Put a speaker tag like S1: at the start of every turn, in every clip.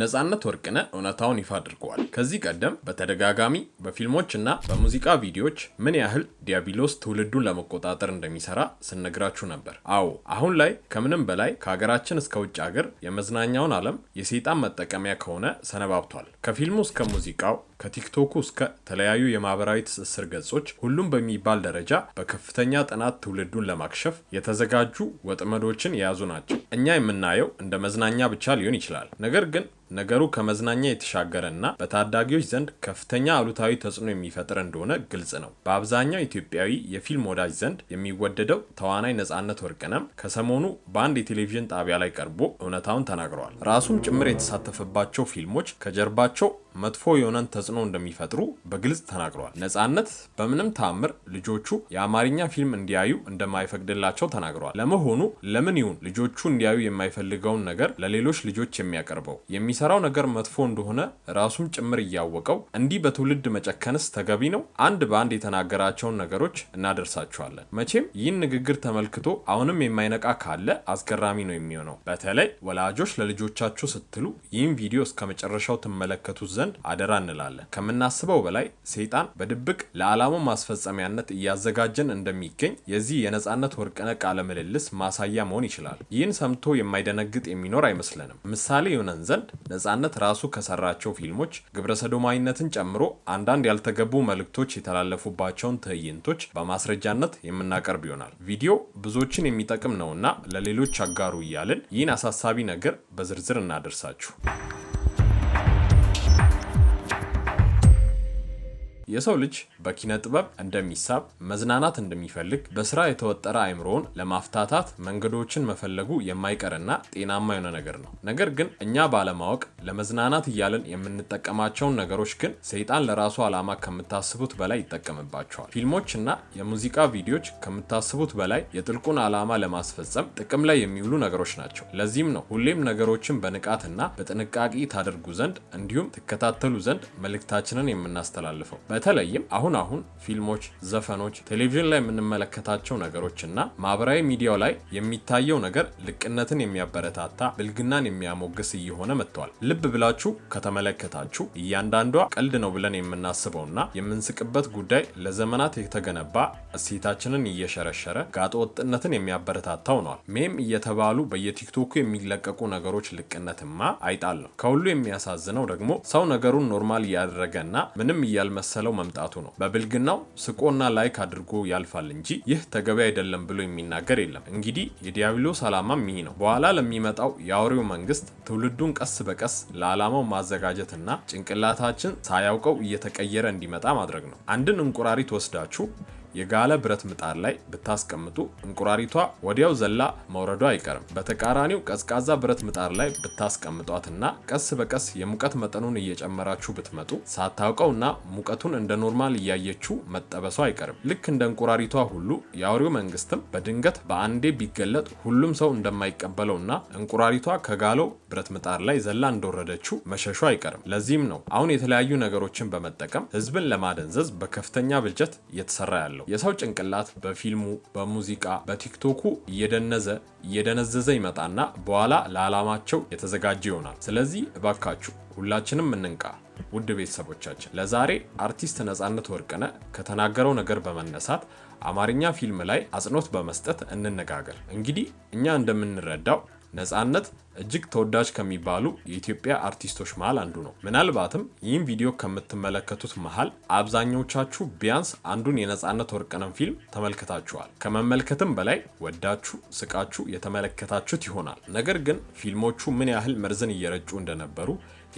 S1: ነጻነት ወርቅነ እውነታውን ይፋ አድርገዋል። ከዚህ ቀደም በተደጋጋሚ በፊልሞች እና በሙዚቃ ቪዲዮዎች ምን ያህል ዲያቢሎስ ትውልዱን ለመቆጣጠር እንደሚሰራ ስነግራችሁ ነበር። አዎ አሁን ላይ ከምንም በላይ ከሀገራችን እስከ ውጭ ሀገር የመዝናኛውን ዓለም የሰይጣን መጠቀሚያ ከሆነ ሰነባብቷል። ከፊልሙ እስከ ሙዚቃው ከቲክቶኩ እስከ ተለያዩ የማህበራዊ ትስስር ገጾች ሁሉም በሚባል ደረጃ በከፍተኛ ጥናት ትውልዱን ለማክሸፍ የተዘጋጁ ወጥመዶችን የያዙ ናቸው። እኛ የምናየው እንደ መዝናኛ ብቻ ሊሆን ይችላል። ነገር ግን ነገሩ ከመዝናኛ የተሻገረ እና በታ በታዳጊዎች ዘንድ ከፍተኛ አሉታዊ ተጽዕኖ የሚፈጥር እንደሆነ ግልጽ ነው። በአብዛኛው ኢትዮጵያዊ የፊልም ወዳጅ ዘንድ የሚወደደው ተዋናይ ነጻነት ወርቅነም ከሰሞኑ በአንድ የቴሌቪዥን ጣቢያ ላይ ቀርቦ እውነታውን ተናግረዋል። ራሱም ጭምር የተሳተፈባቸው ፊልሞች ከጀርባቸው መጥፎ የሆነን ተጽዕኖ እንደሚፈጥሩ በግልጽ ተናግረዋል። ነጻነት በምንም ተአምር ልጆቹ የአማርኛ ፊልም እንዲያዩ እንደማይፈቅድላቸው ተናግረዋል። ለመሆኑ ለምን ይሁን ልጆቹ እንዲያዩ የማይፈልገውን ነገር ለሌሎች ልጆች የሚያቀርበው? የሚሰራው ነገር መጥፎ እንደሆነ ራሱም ጭምር እያወቀው እንዲህ በትውልድ መጨከንስ ተገቢ ነው? አንድ በአንድ የተናገራቸውን ነገሮች እናደርሳቸዋለን። መቼም ይህን ንግግር ተመልክቶ አሁንም የማይነቃ ካለ አስገራሚ ነው የሚሆነው። በተለይ ወላጆች ለልጆቻችሁ ስትሉ ይህን ቪዲዮ እስከ መጨረሻው ትመለከቱ ዘንድ ዘንድ አደራ እንላለን። ከምናስበው በላይ ሰይጣን በድብቅ ለዓላማው ማስፈጸሚያነት እያዘጋጀን እንደሚገኝ የዚህ የነጻነት ወርቅነህ ቃለ ምልልስ ማሳያ መሆን ይችላል። ይህን ሰምቶ የማይደነግጥ የሚኖር አይመስለንም። ምሳሌ የሆነን ዘንድ ነጻነት ራሱ ከሰራቸው ፊልሞች ግብረሰዶማዊነትን ጨምሮ አንዳንድ ያልተገቡ መልእክቶች የተላለፉባቸውን ትዕይንቶች በማስረጃነት የምናቀርብ ይሆናል። ቪዲዮ ብዙዎችን የሚጠቅም ነውና ለሌሎች አጋሩ እያልን ይህን አሳሳቢ ነገር በዝርዝር እናደርሳችሁ። የሰው ልጅ በኪነ ጥበብ እንደሚሳብ፣ መዝናናት እንደሚፈልግ፣ በስራ የተወጠረ አይምሮውን ለማፍታታት መንገዶችን መፈለጉ የማይቀርና ጤናማ የሆነ ነገር ነው። ነገር ግን እኛ ባለማወቅ ለመዝናናት እያለን የምንጠቀማቸውን ነገሮች ግን ሰይጣን ለራሱ ዓላማ ከምታስቡት በላይ ይጠቀምባቸዋል። ፊልሞችና የሙዚቃ ቪዲዮዎች ከምታስቡት በላይ የጥልቁን ዓላማ ለማስፈጸም ጥቅም ላይ የሚውሉ ነገሮች ናቸው። ለዚህም ነው ሁሌም ነገሮችን በንቃትና በጥንቃቄ ታደርጉ ዘንድ እንዲሁም ትከታተሉ ዘንድ መልእክታችንን የምናስተላልፈው። በተለይም አሁን አሁን ፊልሞች፣ ዘፈኖች፣ ቴሌቪዥን ላይ የምንመለከታቸው ነገሮች ና ማህበራዊ ሚዲያው ላይ የሚታየው ነገር ልቅነትን የሚያበረታታ ብልግናን የሚያሞግስ እየሆነ መጥቷል። ልብ ብላችሁ ከተመለከታችሁ እያንዳንዷ ቀልድ ነው ብለን የምናስበውና የምንስቅበት ጉዳይ ለዘመናት የተገነባ እሴታችንን እየሸረሸረ ጋጠ ወጥነትን የሚያበረታታው ሆኗል። ሜም እየተባሉ በየቲክቶኩ የሚለቀቁ ነገሮች ልቅነትማ አይጣል ነው። ከሁሉ የሚያሳዝነው ደግሞ ሰው ነገሩን ኖርማል እያደረገና ምንም እያልመሰለ እየመሰለው መምጣቱ ነው። በብልግናው ስቆና ላይክ አድርጎ ያልፋል እንጂ ይህ ተገቢ አይደለም ብሎ የሚናገር የለም። እንግዲህ የዲያብሎስ ዓላማም ይህ ነው። በኋላ ለሚመጣው የአውሬው መንግስት ትውልዱን ቀስ በቀስ ለዓላማው ማዘጋጀትና ጭንቅላታችን ሳያውቀው እየተቀየረ እንዲመጣ ማድረግ ነው። አንድን እንቁራሪት ወስዳችሁ የጋለ ብረት ምጣድ ላይ ብታስቀምጡ እንቁራሪቷ ወዲያው ዘላ መውረዷ አይቀርም። በተቃራኒው ቀዝቃዛ ብረት ምጣድ ላይ ብታስቀምጧትና ቀስ በቀስ የሙቀት መጠኑን እየጨመራችሁ ብትመጡ ሳታውቀውና ሙቀቱን እንደ ኖርማል እያየችው መጠበሱ አይቀርም። ልክ እንደ እንቁራሪቷ ሁሉ የአውሬው መንግስትም በድንገት በአንዴ ቢገለጥ ሁሉም ሰው እንደማይቀበለውና እንቁራሪቷ ከጋለው ብረት ምጣድ ላይ ዘላ እንደወረደችው መሸሹ አይቀርም። ለዚህም ነው አሁን የተለያዩ ነገሮችን በመጠቀም ህዝብን ለማደንዘዝ በከፍተኛ ብልጨት እየተሰራ ያለው። ነው። የሰው ጭንቅላት በፊልሙ፣ በሙዚቃ፣ በቲክቶኩ እየደነዘ እየደነዘዘ ይመጣና በኋላ ለዓላማቸው የተዘጋጀ ይሆናል። ስለዚህ እባካችሁ ሁላችንም እንንቃ። ውድ ቤተሰቦቻችን ለዛሬ አርቲስት ነጻነት ወርቅነህ ከተናገረው ነገር በመነሳት አማርኛ ፊልም ላይ አጽንኦት በመስጠት እንነጋገር። እንግዲህ እኛ እንደምንረዳው ነጻነት እጅግ ተወዳጅ ከሚባሉ የኢትዮጵያ አርቲስቶች መሃል አንዱ ነው። ምናልባትም ይህም ቪዲዮ ከምትመለከቱት መሀል አብዛኞቻችሁ ቢያንስ አንዱን የነፃነት ወርቅነህን ፊልም ተመልክታችኋል። ከመመልከትም በላይ ወዳችሁ ስቃችሁ የተመለከታችሁት ይሆናል። ነገር ግን ፊልሞቹ ምን ያህል መርዝን እየረጩ እንደነበሩ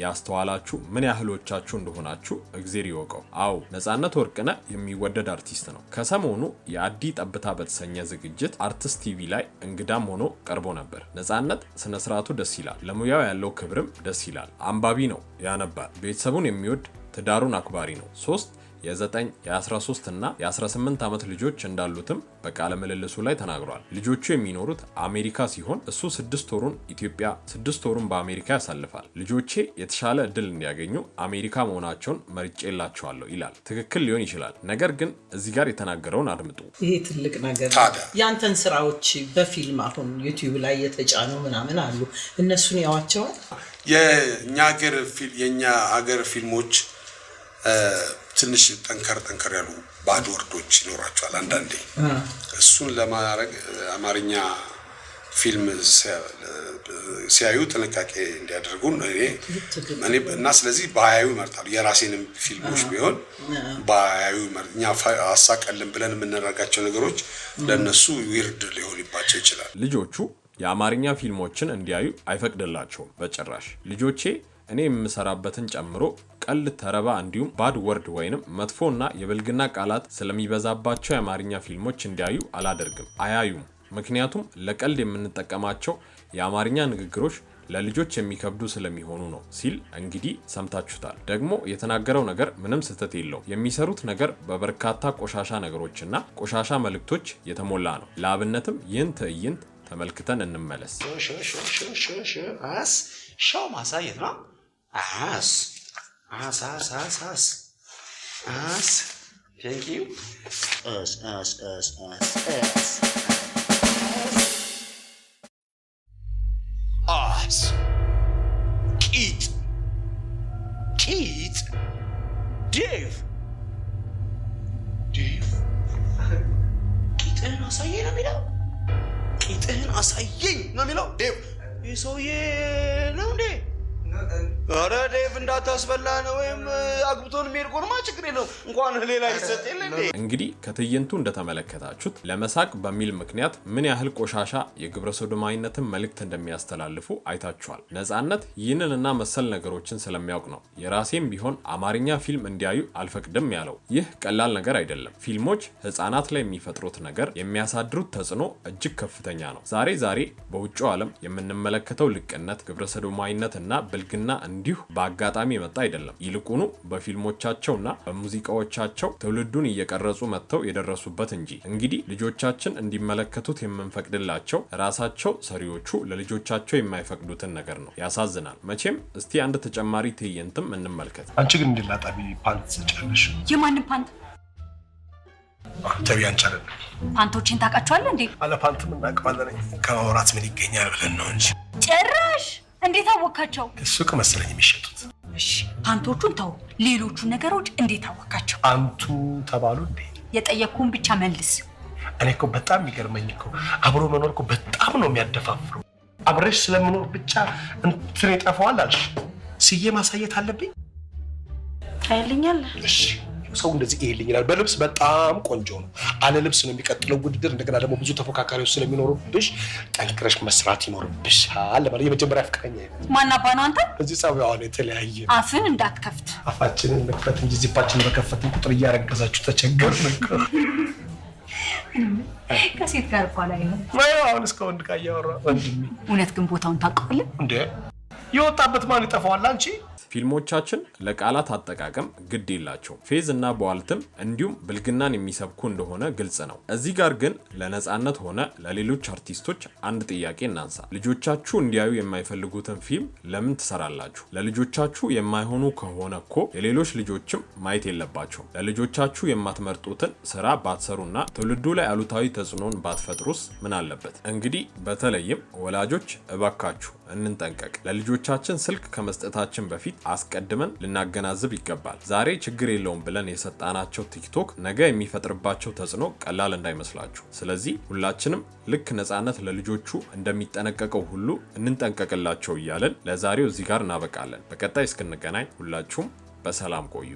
S1: ያስተዋላችሁ ምን ያህሎቻችሁ እንደሆናችሁ እግዜር ይወቀው። አዎ ነፃነት ወርቅነህ የሚወደድ አርቲስት ነው። ከሰሞኑ የአዲ ጠብታ በተሰኘ ዝግጅት አርትስት ቲቪ ላይ እንግዳም ሆኖ ቀርቦ ነበር። ነፃነት ስነስርዓቱ መውጣቱ ደስ ይላል። ለሙያው ያለው ክብርም ደስ ይላል። አንባቢ ነው፣ ያነባል፣ ቤተሰቡን የሚወድ ትዳሩን አክባሪ ነው። ሶስት የ9 የ13 እና የ18 ዓመት ልጆች እንዳሉትም በቃለ ምልልሱ ላይ ተናግሯል። ልጆቹ የሚኖሩት አሜሪካ ሲሆን እሱ ስድስት ወሩን ኢትዮጵያ፣ ስድስት ወሩን በአሜሪካ ያሳልፋል። ልጆቼ የተሻለ እድል እንዲያገኙ አሜሪካ መሆናቸውን መርጬላቸዋለሁ ይላል። ትክክል ሊሆን ይችላል። ነገር ግን እዚህ ጋር የተናገረውን አድምጡ።
S2: ይሄ ትልቅ ነገር ያንተን ስራዎች በፊልም አሁን ዩቲዩብ ላይ የተጫኑ ምናምን አሉ። እነሱን ያዋቸዋል።
S3: የእኛ ሀገር ፊልሞች ትንሽ ጠንከር ጠንከር ያሉ ባድ ወርዶች ይኖራቸዋል አንዳንዴ። እሱን ለማድረግ አማርኛ ፊልም ሲያዩ ጥንቃቄ እንዲያደርጉ እና ስለዚህ በሀያዩ ይመርጣሉ። የራሴንም ፊልሞች ቢሆን በሀያዩ እኛ አሳቀልን ብለን የምናደርጋቸው ነገሮች ለእነሱ ዊርድ ሊሆንባቸው ይችላል።
S1: ልጆቹ የአማርኛ ፊልሞችን እንዲያዩ አይፈቅድላቸውም በጭራሽ። ልጆቼ እኔ የምሰራበትን ጨምሮ ቀል ተረባ እንዲሁም ባድ ወርድ ወይንም መጥፎና የብልግና ቃላት ስለሚበዛባቸው የአማርኛ ፊልሞች እንዲያዩ አላደርግም፣ አያዩም። ምክንያቱም ለቀልድ የምንጠቀማቸው የአማርኛ ንግግሮች ለልጆች የሚከብዱ ስለሚሆኑ ነው ሲል እንግዲህ ሰምታችሁታል። ደግሞ የተናገረው ነገር ምንም ስህተት የለው። የሚሰሩት ነገር በበርካታ ቆሻሻ ነገሮችና ቆሻሻ መልእክቶች የተሞላ ነው። ለአብነትም ይህን ትዕይንት ተመልክተን እንመለስ።
S4: ሻው ማሳየት ነው አስ As, as, as, as. As. Thank you. As, as, as, as, as. As. Keith. Keith? Dave. Dave? Keith, ቂጥህን አሳየኝ ነው የሚለው። ቂጥህን አሳየኝ ነው የሚለው። ዴቭ ይህ ሰውዬ ነው እንዴ?
S5: ኧረ ዴቭ እንዳታስበላ ነው ወይም አግብቶን የሚሄድ ችግር እንኳን ሌላ ይሰጥ የለ።
S1: እንግዲህ ከትዕይንቱ እንደተመለከታችሁት ለመሳቅ በሚል ምክንያት ምን ያህል ቆሻሻ የግብረ ሶዶማዊነትን መልእክት እንደሚያስተላልፉ አይታችኋል። ነጻነት ይህንንና መሰል ነገሮችን ስለሚያውቅ ነው የራሴም ቢሆን አማርኛ ፊልም እንዲያዩ አልፈቅድም ያለው። ይህ ቀላል ነገር አይደለም። ፊልሞች ህጻናት ላይ የሚፈጥሩት ነገር የሚያሳድሩት ተጽዕኖ እጅግ ከፍተኛ ነው። ዛሬ ዛሬ በውጭው ዓለም የምንመለከተው ልቅነት፣ ግብረ ሰዶማዊነት እና ብልግና እንዲሁ በአጋ አጋጣሚ የመጣ አይደለም። ይልቁኑ በፊልሞቻቸውና በሙዚቃዎቻቸው ትውልዱን እየቀረጹ መጥተው የደረሱበት እንጂ። እንግዲህ ልጆቻችን እንዲመለከቱት የምንፈቅድላቸው ራሳቸው ሰሪዎቹ ለልጆቻቸው የማይፈቅዱትን ነገር ነው። ያሳዝናል። መቼም እስቲ አንድ ተጨማሪ ትዕይንትም እንመልከት።
S4: አንቺ ግን እንድላጣቢ ፓንት ጨርሽ። የማንም ፓንት ተቢ አንቻለን።
S6: ፓንቶችን ታውቃቸዋለህ እንዴ?
S4: አለ ፓንትም እናቅባለን። ከማውራት ምን ይገኛል ብለን ነው እንጂ
S6: ጭራሽ እንዴት አወካቸው?
S4: ሱቅ መሰለኝ የሚሸጡት
S6: እሺ ፓንቶቹን ተው። ሌሎቹን ነገሮች እንዴት አወቃቸው?
S4: አንቱ ተባሉ እንዴ?
S6: የጠየቅኩህን ብቻ መልስ።
S4: እኔ እኮ በጣም የሚገርመኝ እኮ አብሮ መኖር እኮ በጣም ነው የሚያደፋፍሩ። አብረሽ ስለምኖር ብቻ እንትን ይጠፋዋል አልሽ። ስዬ ማሳየት አለብኝ ታይልኛል። እሺ ሰው እንደዚህ ይሄልኝ ይላል። በልብስ በጣም ቆንጆ ነው። አለ ልብስ ነው የሚቀጥለው ውድድር። እንደገና ደግሞ ብዙ ተፎካካሪዎች ስለሚኖሩብሽ ጠንክረሽ መስራት ይኖርብሻል ማለት የመጀመሪያ ፍቅረኛ ይነት
S6: ማናባ ነው አንተ
S4: እዚህ ጸባይዋ ነው የተለያየ።
S6: አፍን እንዳትከፍት
S4: አፋችንን መክፈት እንጂ ዚፓችን በከፈትን ቁጥር እያረገዛችሁ ተቸገር
S6: ከሴት ጋር እኮ ላይ ነው
S4: አሁን እስከ ወንድ ጋር እያወራ ወንድሜ።
S6: እውነት ግን ቦታውን ታውቀዋለህ
S4: እንዴ? የወጣበት ማን ይጠፋዋል አንቺ
S1: ፊልሞቻችን ለቃላት አጠቃቀም ግድ የላቸውም። ፌዝ እና በዋልትም እንዲሁም ብልግናን የሚሰብኩ እንደሆነ ግልጽ ነው። እዚህ ጋር ግን ለነፃነት ሆነ ለሌሎች አርቲስቶች አንድ ጥያቄ እናንሳ። ልጆቻችሁ እንዲያዩ የማይፈልጉትን ፊልም ለምን ትሰራላችሁ? ለልጆቻችሁ የማይሆኑ ከሆነ እኮ የሌሎች ልጆችም ማየት የለባቸውም። ለልጆቻችሁ የማትመርጡትን ስራ ባትሰሩና ትውልዱ ላይ አሉታዊ ተጽዕኖን ባትፈጥሩስ ምን አለበት? እንግዲህ በተለይም ወላጆች እባካችሁ እንንጠንቀቅ። ለልጆቻችን ስልክ ከመስጠታችን በፊት አስቀድመን ልናገናዝብ ይገባል። ዛሬ ችግር የለውም ብለን የሰጣናቸው ቲክቶክ ነገ የሚፈጥርባቸው ተጽዕኖ ቀላል እንዳይመስላችሁ። ስለዚህ ሁላችንም ልክ ነጻነት ለልጆቹ እንደሚጠነቀቀው ሁሉ እንንጠንቀቅላቸው እያለን ለዛሬው እዚህ ጋር እናበቃለን። በቀጣይ እስክንገናኝ ሁላችሁም በሰላም ቆዩ።